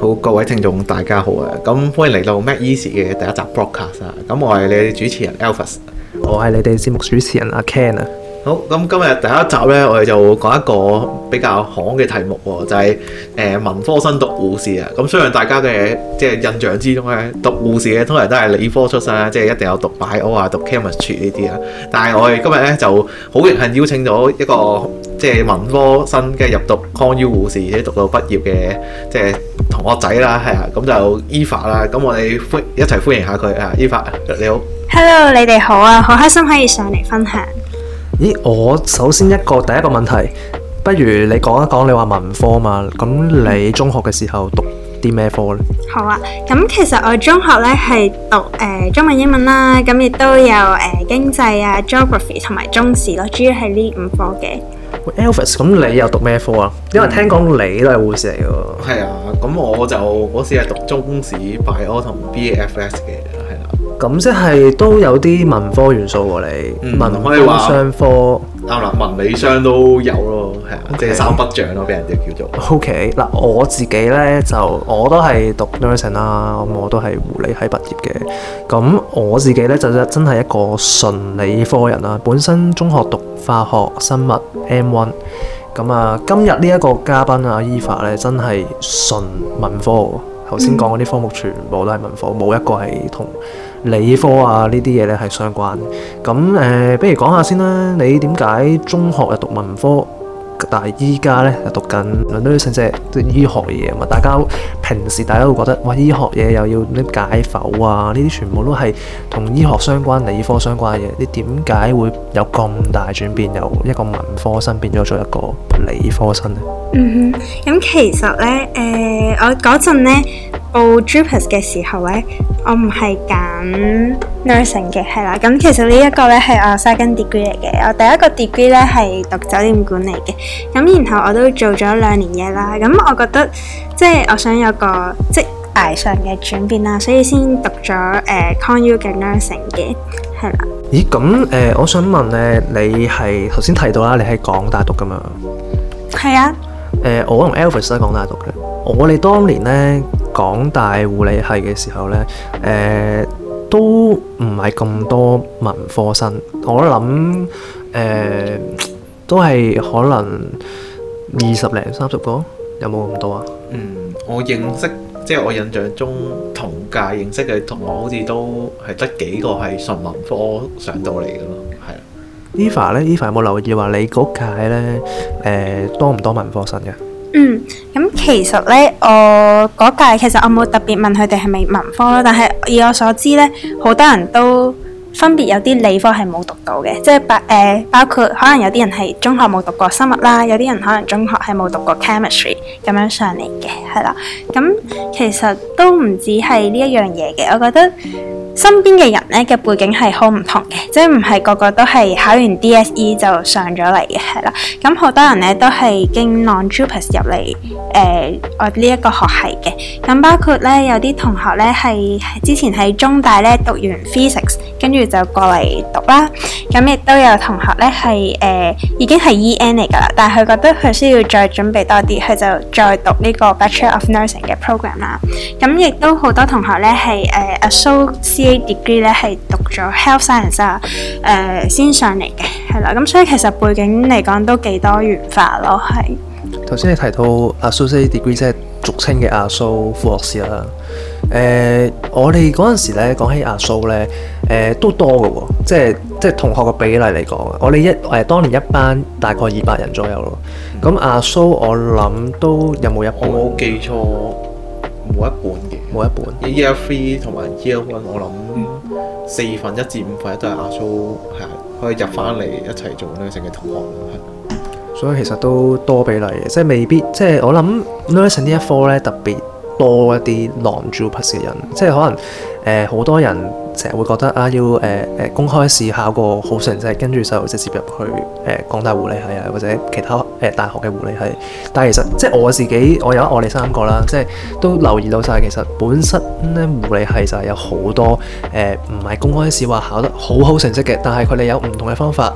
好，各位聽眾大家好啊！咁歡迎嚟到 MEDEASY 嘅第一集 Broadcast 啊！咁我係你哋主持人 Elvis，我係你哋節目主持人阿 Ken 啊！好，咁今日第一集呢，我哋就講一個比較行嘅題目，就係、是、誒、呃、文科生讀護士啊！咁相信大家嘅即係印象之中呢，讀護士嘅通常都係理科出身啦，即係一定有讀 bio 啊、讀 chemistry 呢啲啊，但係我哋今日呢，就好榮幸邀請咗一個。即係文科生，跟住入讀康 U 護士，而且讀到畢業嘅即係同學仔啦，係啊，咁就 Eva 啦。咁我哋歡一齊歡迎下佢啊，Eva，你好，Hello，你哋好啊，好開心可以上嚟分享。咦，我首先一個第一個問題，不如你講一講你話文科啊嘛？咁你中學嘅時候讀啲咩科呢？好啊，咁其實我中學咧係讀誒中文、英文啦，咁亦都有誒經濟啊、Geography 同埋中史咯，主要係呢五科嘅。Elvis，咁你又讀咩科啊？因為聽講你都係護士嚟嘅。係啊，咁我就嗰時係讀中史、Bio 同 B A F、啊、S 嘅，係啦。咁即係都有啲文科元素喎，啊，你、嗯、文科商科。啱啦，文理商都有咯，係啊，Okay. 即係三不像咯，俾人哋叫做。OK，嗱，我自己咧就我都係讀 Nursing 啦，咁我都係護理系畢業嘅。咁我自己咧就真係一個純理科人啦，本身中學讀化學、生物 M1。咁啊，今日呢一個嘉賓啊，Eva 咧真係純文科。頭先講嗰啲科目全部都係文科，冇一個係同理科啊呢啲嘢咧係相關。咁誒，不、呃、如講下先啦。你點解中學又讀文科，但係依家咧又讀緊倫敦啲即係醫學嘅嘢？唔係大家平時大家會覺得哇，醫學嘢又要解剖啊，呢啲全部都係同醫學相關、理科相關嘅嘢。你點解會有咁大轉變，由一個文科生變咗做一個理科生呢？嗯哼，咁其實咧誒、呃，我嗰陣咧。報 JUPAS 嘅時候咧，我唔係揀 nursing 嘅，係啦。咁其實呢一個咧係我 second degree 嚟嘅。我第一個 degree 咧係讀酒店管理嘅，咁然後我都做咗兩年嘢啦。咁我覺得即係我想有個職涯上嘅轉變啦，所以先讀咗誒、呃、Con U 嘅 nursing 嘅，係啦。咦？咁誒、呃，我想問咧，你係頭先提到啦，你喺港大讀噶嘛？係啊的。誒、呃，我同 Elvis 都，港大讀嘅。我哋當年咧。港大護理系嘅時候呢，誒、呃、都唔係咁多文科生。我諗誒、呃、都係可能二十零三十個，有冇咁多啊？嗯，我認識即係我印象中同屆認識嘅同學，好似都係得幾個係純文科上到嚟嘅咯。係。Eva 呢，Eva 有冇留意話你嗰屆呢、呃？多唔多文科生嘅？嗯，咁其實咧，我嗰屆其實我冇特別問佢哋係咪文科啦，但係以我所知咧，好多人都分別有啲理科係冇讀到嘅，即係包誒包括可能有啲人係中學冇讀過生物啦，有啲人可能中學係冇讀過 chemistry 咁樣上嚟嘅，係啦，咁其實都唔止係呢一樣嘢嘅，我覺得。身邊嘅人咧嘅背景係好唔同嘅，即係唔係個個都係考完 DSE 就上咗嚟嘅，係啦。咁好多人咧都係經 non-JUPAS 入嚟誒、呃、我呢一個學系嘅。咁包括咧有啲同學咧係之前喺中大咧讀完 physics，跟住就過嚟讀啦。咁亦都有同學咧係誒已經係 EN 嚟㗎啦，但係佢覺得佢需要再準備多啲，佢就再讀呢個 Bachelor of Nursing 嘅 program 啦。咁亦都好多同學咧係誒 Associate degree 咧係讀咗 health science 啊，誒，先上嚟嘅，係啦，咁所以其實背景嚟講都幾多元化咯，係。頭先你提到 associate degree 即係俗稱嘅阿蘇副學士啦，誒、呃，我哋嗰陣時咧講起阿蘇咧，誒、呃，都多噶、哦，即係即係同學嘅比例嚟講，我哋一誒、呃、當年一班大概二百人左右咯，咁阿蘇我諗都、嗯嗯、有冇一我冇記錯冇一半嘅。每一本 year three 同埋 year one，我諗四份一至五份一都係阿蘇係可以入翻嚟一齊做 nursing 嘅同學，所以其實都多比例嘅，即係未必，即係我諗 nursing 呢一科咧特別。多一啲 non-JUPAS 嘅人，即係可能誒好、呃、多人成日會覺得啊，要誒誒、呃、公開試考個好成績，跟住就直接入去誒港、呃、大護理系啊，或者其他誒、呃、大學嘅護理系。但係其實即係我自己，我有我哋三個啦，即係都留意到晒。其實本身咧護理系就係有好多誒唔係公開試話考得好好成績嘅，但係佢哋有唔同嘅方法。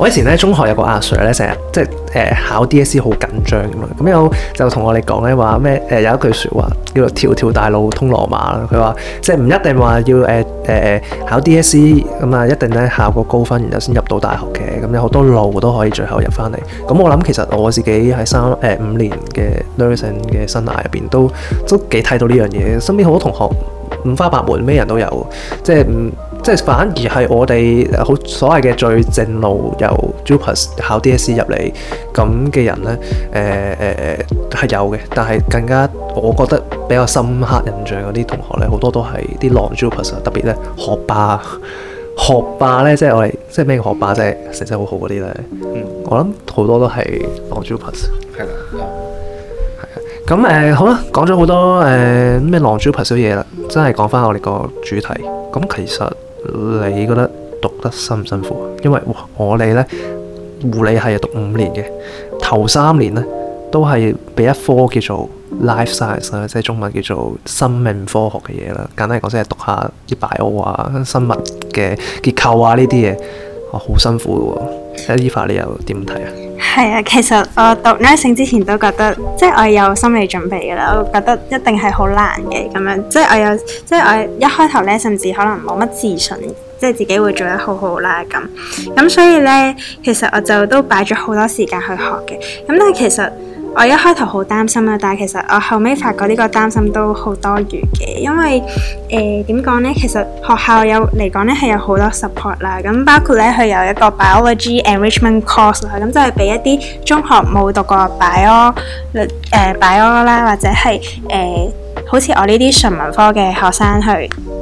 我以前咧，中學有個阿 Sir 咧，成日即係誒考 DSE 好緊張咁啊，咁有就同我哋講咧話咩誒有一句説話叫做條條大路通羅馬啦。佢話即係唔一定話要誒誒誒考 DSE 咁啊，一定咧考個高分，然後先入到大學嘅。咁有好多路都可以最後入翻嚟。咁我諗其實我自己喺三誒五年嘅 Nursing 嘅生涯入邊都都幾睇到呢樣嘢。身邊好多同學五花八門，咩人都有，即係嗯。即係反而係我哋好所謂嘅最正路，由 Jupas 考 DSE 入嚟咁嘅人咧，誒誒誒係有嘅。但係更加我覺得比較深刻印象嗰啲同學咧，好多都係啲浪 Jupas，特別咧學霸，學霸咧即係我哋即係咩學霸，即係成績好好嗰啲咧。我諗好多都係浪 Jupas。係啦，咁誒、 呃、好啦，講咗好多誒咩浪 Jupas 嘢啦，真係講翻我哋個主題。咁其實。你覺得讀得辛唔辛苦啊？因為我哋咧護理系讀五年嘅，頭三年咧都係俾一科叫做 life science，即係中文叫做生命科學嘅嘢啦。簡單嚟講，即係讀一下啲 bio 啊、生物嘅結構啊呢啲嘢，好辛苦噶喎。阿、啊、Eva 你又點睇啊？係啊，其實我讀 nursing 之前都覺得，即係我有心理準備嘅啦，我覺得一定係好難嘅咁樣，即係我有，即係我一開頭呢，甚至可能冇乜自信，即係自己會做得好好啦咁，咁所以呢，其實我就都擺咗好多時間去學嘅，咁但係其實。我一開頭好擔心啊，但係其實我後尾發覺呢個擔心都好多餘嘅，因為誒點講呢？其實學校有嚟講呢係有好多 support 啦。咁包括呢，佢有一個 biology enrichment course 啦，咁就係俾一啲中學冇讀過 bio、呃、誒 bio 啦，或者係誒。呃好似我呢啲純文科嘅學生去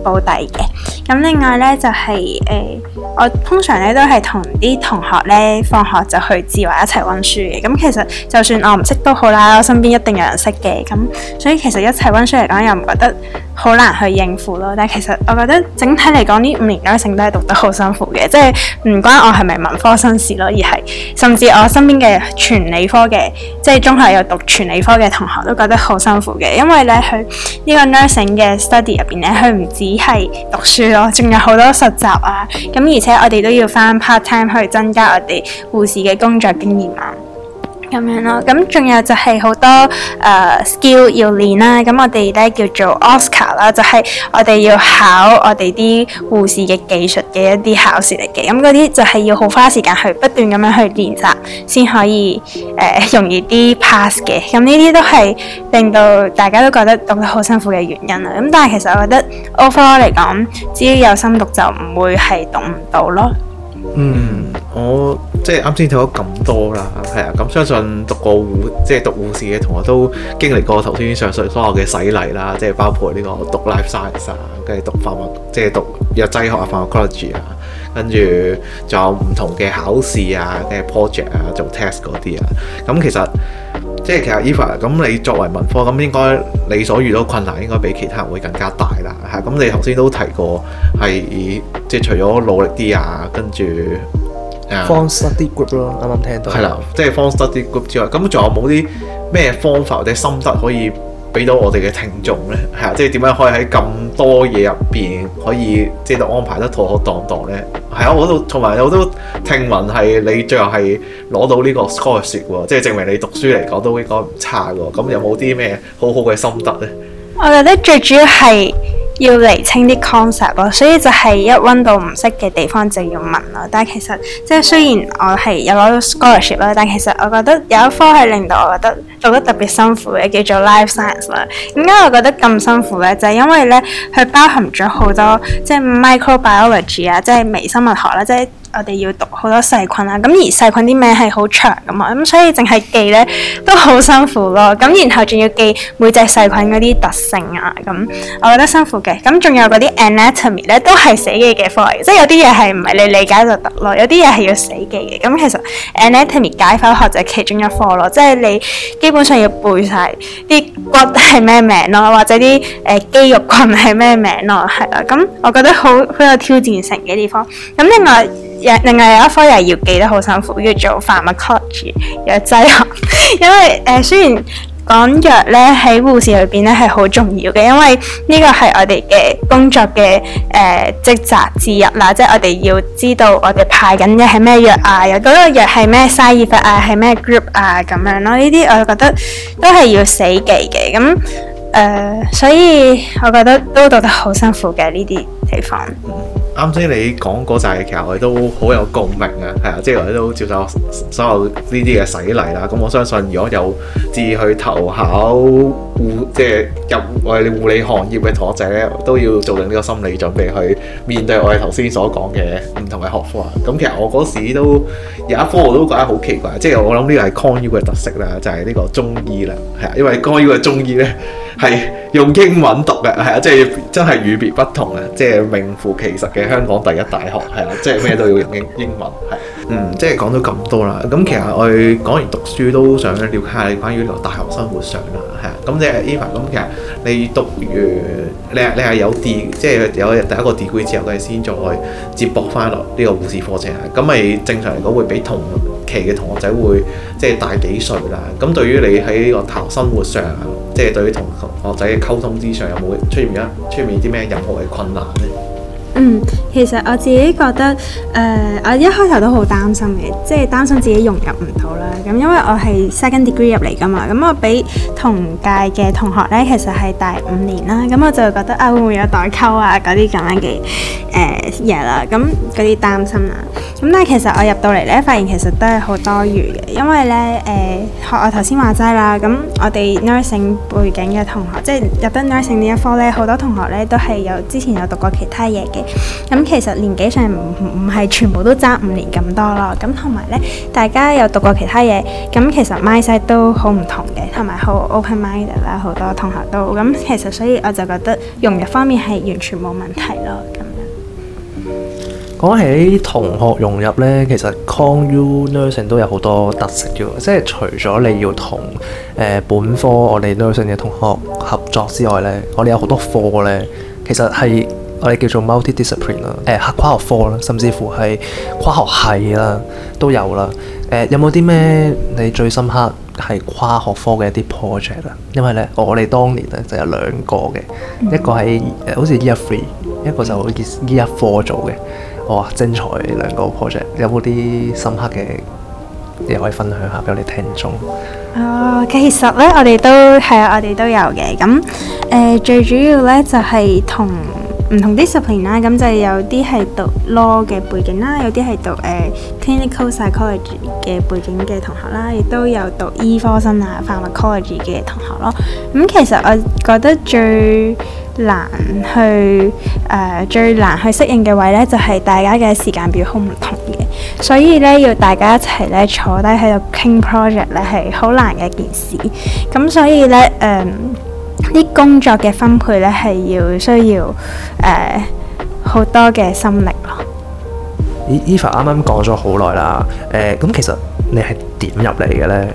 補底嘅，咁另外呢，就係、是、誒、呃，我通常咧都係同啲同學呢放學就去智畫一齊温書嘅，咁其實就算我唔識都好啦，我身邊一定有人識嘅，咁所以其實一齊温書嚟講又唔覺得好難去應付咯，但係其實我覺得整體嚟講呢五年 nursing 都係讀得好辛苦嘅，即係唔關我係咪文科生事咯，而係甚至我身邊嘅全理科嘅，即係中學有讀全理科嘅同學都覺得好辛苦嘅，因為呢，佢呢個 nursing 嘅 study 入邊呢，佢唔止係讀書咯，仲有好多實習啊，咁而且我哋都要返 part time 去增加我哋護士嘅工作經驗啊。咁樣咯，咁仲有就係好多誒、uh, skill 要練啦，咁我哋咧叫做 Oscar 啦，就係、是、我哋要考我哋啲護士嘅技術嘅一啲考試嚟嘅，咁嗰啲就係要好花時間去不斷咁樣去練習，先可以誒、uh, 容易啲 pass 嘅，咁呢啲都係令到大家都覺得讀得好辛苦嘅原因啦，咁但係其實我覺得 overall 嚟講，只要有心讀就唔會係讀唔到咯。嗯，我。即係啱先睇咗咁多啦，係啊，咁相信讀個護，即係、就是、讀護士嘅同學都經歷過頭先上述所有嘅洗禮啦，即係包括呢個讀 life science 啊，跟住讀化學，即係讀藥劑學啊，化學 college 啊，跟住仲有唔同嘅考試啊，跟住 project 啊，做 test 嗰啲啊。咁其實即係其實 Eva，咁你作為文科，咁應該你所遇到困難應該比其他人會更加大啦。係，咁你頭先都提過係，即係除咗努力啲啊，跟住。方 Yeah . study group 咯，啱啱聽到。係啦，即係方 study group 之外，咁仲有冇啲咩方法或者心得可以俾到我哋嘅聽眾咧？係啊，即係點樣可以喺咁多嘢入邊可以即係安排得妥妥當當咧？係啊，我都同埋我都聽聞係你最後係攞到呢個 scholarship 喎，即係證明你讀書嚟講都應該唔差喎。咁有冇啲咩好好嘅心得咧？我覺得最主要係。要釐清啲 concept 咯，所以就係一溫到唔識嘅地方就要問咯。但係其實即係雖然我係有攞到 scholarship 啦，但係其實我覺得有一科係令到我覺得讀得特別辛苦嘅叫做 life science 啦。點解我覺得咁辛苦呢？就係因為呢，佢包含咗好多即係 microbiology 啊，即係微生物學啦、啊，即係。我哋要讀好多細菌啊，咁而細菌啲名係好長㗎嘛，咁、嗯、所以淨係記咧都好辛苦咯。咁、嗯、然後仲要記每隻細菌嗰啲特性啊，咁、嗯、我覺得辛苦嘅。咁、嗯、仲有嗰啲 anatomy 咧，都係死記嘅科嚟，即係有啲嘢係唔係你理解就得咯，有啲嘢係要死記嘅。咁、嗯、其實 anatomy 解剖學就係其中一科咯，即係你基本上要背晒啲骨係咩名咯，或者啲誒、呃、肌肉群係咩名咯，係、嗯、啦。咁、嗯、我覺得好好有挑戰性嘅地方。咁、嗯、另外。另外有一科又要記得好辛苦，叫做 pharmacology，藥劑學、 呃。因為誒雖然講藥咧喺護士裏邊咧係好重要嘅，因為呢個係我哋嘅工作嘅誒、呃、職責之一啦，即係我哋要知道我哋派緊嘅係咩藥啊，又嗰個藥係咩 size 啊，係咩 group 啊咁樣咯。呢啲我覺得都係要死記嘅，咁誒、呃，所以我覺得都讀得好辛苦嘅呢啲地方。啱先你講嗰陣嘅，其實我哋都好有共鳴啊，係啊，即係我哋都接受所有呢啲嘅洗禮啦。咁我相信如果有志去投考，護即係入我哋護理行業嘅同學仔咧，都要做定呢個心理準備去面對我哋頭先所講嘅唔同嘅學科啊。咁其實我嗰時都有一科我都覺得好奇怪，即係我諗呢個係 Con U 嘅特色啦，就係呢個中醫啦，係啊，因為 Con U 嘅中醫咧係用英文讀嘅，係啊，即係真係與別不同啊，即係名副其實嘅香港第一大學係啊，即係咩都要用英英文係。嗯，即係講到咁多啦。咁其實我講完讀書都想了解下你關於個大學生活上啦，係啊。咁即係 Eva，咁其實你讀完，你你係有 d 即係有第一個 degree 之後，佢先再接駁翻落呢個護士課程。咁咪正常嚟講會比同期嘅同學仔會即係大幾歲啦。咁對於你喺個大學生活上，即係對於同學仔嘅溝通之上，有冇出現咩出現啲咩任何嘅困難咧？嗯，其實我自己覺得，誒、呃，我一開頭都好擔心嘅，即係擔心自己融入唔到啦。咁、嗯、因為我係 second degree 入嚟㗎嘛，咁、嗯、我比同屆嘅同學咧，其實係大五年啦。咁、嗯、我就會覺得啊，會唔會有代溝啊嗰啲咁樣嘅誒嘢啦？咁嗰啲擔心啦、啊。咁、嗯、但係其實我入到嚟咧，發現其實都係好多餘嘅，因為咧誒學我頭先話齋啦。咁、嗯、我哋 nursing 背景嘅同學，即係入得 nursing 呢一科咧，好多同學咧都係有之前有讀過其他嘢嘅。咁其實年紀上唔唔係全部都爭五年咁多咯，咁同埋呢，大家有讀過其他嘢，咁其實 mindset 都好唔同嘅，同埋好 open-minded 啦，好多同學都咁，其實所以我就覺得融入方面係完全冇問題咯。咁樣講起同學融入呢，其實 CU nursing 都有好多特色嘅喎，即係除咗你要同、呃、本科我哋 nursing 嘅同學合作之外呢，我哋有好多課呢，其實係。我哋叫做 multi-discipline 啦，誒跨、呃、學科啦，甚至乎係跨學系啦，都有啦。誒、呃、有冇啲咩你最深刻係跨學科嘅一啲 project 啊？因為咧，我哋當年咧就有兩個嘅，嗯、一個係誒好似 year three、嗯、一個就好似 year four 做嘅。哇、哦，精彩兩個 project！有冇啲深刻嘅嘢可以分享下俾我哋聽眾啊、哦？其實咧，我哋都係啊，我哋都有嘅。咁誒、呃、最主要咧就係同。唔同 discipline 啦，咁就有啲係讀 law 嘅背景啦，有啲係讀誒 clinical psychology 嘅背景嘅同學啦，亦都有讀醫科生啊 pharmacology 嘅同學咯。咁、嗯、其實我覺得最難去誒、呃、最難去適應嘅位呢，就係大家嘅時間表好唔同嘅，所以呢，要大家一齊呢坐低喺度傾 project 呢，係好難嘅一件事。咁所以呢。誒、嗯。啲工作嘅分配咧，係要需要誒好、呃、多嘅心力咯。Eva 啱啱講咗好耐啦，誒、呃，咁其實你係點入嚟嘅咧？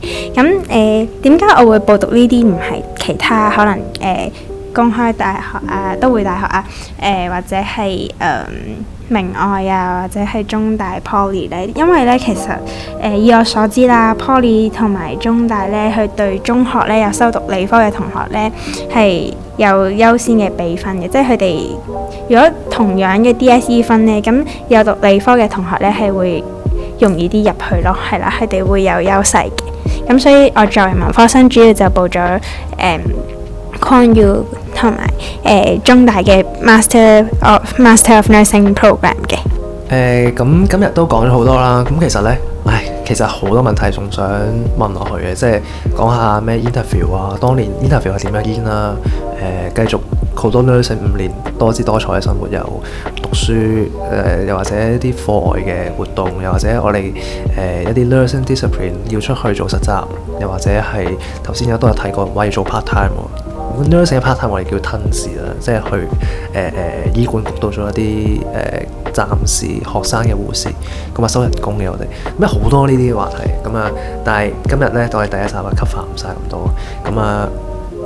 咁誒點解我會報讀呢啲唔係其他可能誒、呃、公開大學啊、都會大學啊、誒、呃、或者係誒明愛啊，或者係中大 Poly 咧？因為咧，其實誒、呃、以我所知啦，Poly 同埋中大咧，佢對中學咧有修讀理科嘅同學咧係有優先嘅備分嘅，即係佢哋如果同樣嘅 DSE 分咧，咁有讀理科嘅同學咧係會容易啲入去咯，係啦，佢哋會有優勢嘅。咁所以，我作為文科生，主要就報咗 Con 誒康 u 同埋誒中大嘅 Master of Master of Nursing Program 嘅。誒、欸，咁今日都講咗好多啦。咁、嗯嗯、其實咧，唉，其實好多問題仲想問落去嘅，即係講下咩 interview 啊，當年 interview 係點樣堅啦？誒、嗯，繼續好多 nursing 五年，多姿多彩嘅生活又～讀書誒又、呃、或者一啲課外嘅活動，又或者我哋誒、呃、一啲 learning discipline 要出去做實習，又或者係頭先有都有提過話要做 part time 喎、啊。nursing part time 我哋叫 intern 啦、啊，即係去誒誒、呃、醫管局到咗一啲誒暫時學生嘅護士，咁啊收人工嘅我哋，咩好多呢啲話題咁啊，但係今日咧我哋第一集啊 cover 唔晒咁多，咁啊。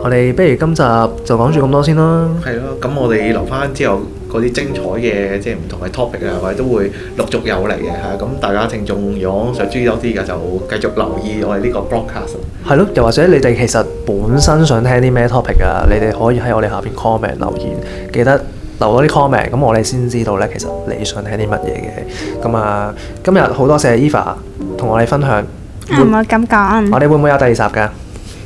我哋不如今集就講住咁多先啦。係咯，咁我哋留翻之後嗰啲精彩嘅，即係唔同嘅 topic 啊，或者都會陸續有嚟嘅。係啊，咁大家聽眾如果想知多啲嘅，就繼續留意我哋呢個 broadcast。係咯，又或者你哋其實本身想聽啲咩 topic 啊？你哋可以喺我哋下邊 comment 留言，記得留多啲 comment，咁我哋先知道咧。其實你想聽啲乜嘢嘅？咁啊，今日好多謝 Eva 同我哋分享。唔好咁講。我哋會唔會有第二集噶？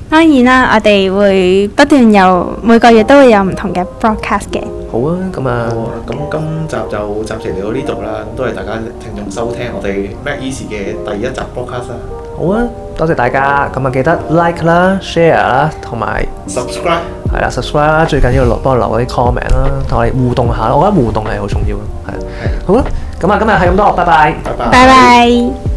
當然啦，我哋會不斷有每個月都會有唔同嘅 broadcast 嘅。好啊，咁啊，咁今集就暫時嚟到呢度啦，咁多謝大家聽眾收聽我哋 MedEasy 嘅第一集 broadcast 啦。好啊，多謝大家，咁啊記得 like 啦、share 啦，同埋 subscribe，係啦，subscribe 啦，最緊要幫我留啲 comment 啦，同我哋互動下，我覺得互動係好重要咯，係。係。好啊，咁啊，今日係咁多，拜拜，拜拜。